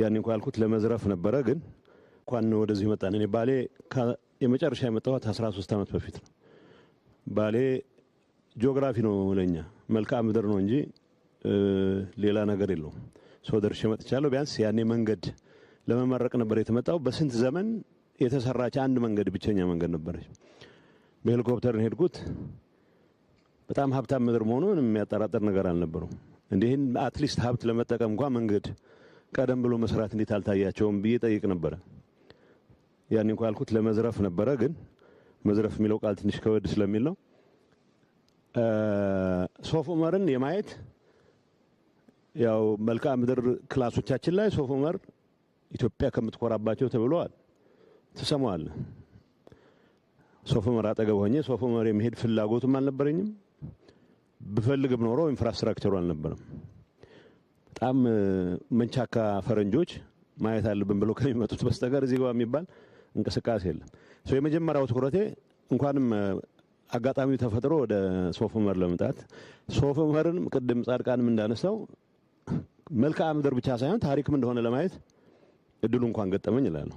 ያን እንኳ ያልኩት ለመዝረፍ ነበረ። ግን እንኳን ወደዚህ መጣን። እኔ ባሌ የመጨረሻ የመጣኋት 13 ዓመት በፊት ነው። ባሌ ጂኦግራፊ ነው ለኛ መልክዓ ምድር ነው እንጂ ሌላ ነገር የለውም። ሰው ደርሼ መጥቻለሁ። ቢያንስ ያኔ መንገድ ለመመረቅ ነበር የተመጣው። በስንት ዘመን የተሰራች አንድ መንገድ ብቸኛ መንገድ ነበረች። በሄሊኮፕተር ሄድኩት። በጣም ሀብታም ምድር መሆኑን የሚያጠራጥር ነገር አልነበሩም እንዲህን አትሊስት ሀብት ለመጠቀም እንኳ መንገድ ቀደም ብሎ መስራት እንዴት አልታያቸውም ብዬ ጠይቅ ነበረ። ያን እንኳ ያልኩት ለመዝረፍ ነበረ፣ ግን መዝረፍ የሚለው ቃል ትንሽ ከወድ ስለሚል ነው። ሶፍ ዑመርን የማየት ያው መልክዓ ምድር ክላሶቻችን ላይ ሶፍ ዑመር ኢትዮጵያ ከምትኮራባቸው ተብለዋል። ትሰማዋል። ሶፍ ዑመር አጠገብ ሆኜ ሶፍ ዑመር የመሄድ ፍላጎትም አልነበረኝም። ብፈልግም ኖሮ ኢንፍራስትራክቸሩ አልነበረም። በጣም መንቻካ ፈረንጆች ማየት አለብን ብሎ ከሚመጡት በስተቀር እዚህ ጋር የሚባል እንቅስቃሴ የለም። የመጀመሪያው ትኩረቴ እንኳንም አጋጣሚው ተፈጥሮ ወደ ሶፍ ዑመር ለመምጣት ሶፍ ዑመርን ቅድም ጻድቃንም እንዳነሳው መልክዓ ምድር ብቻ ሳይሆን ታሪክም እንደሆነ ለማየት እድሉ እንኳን ገጠመኝ ይላሉ።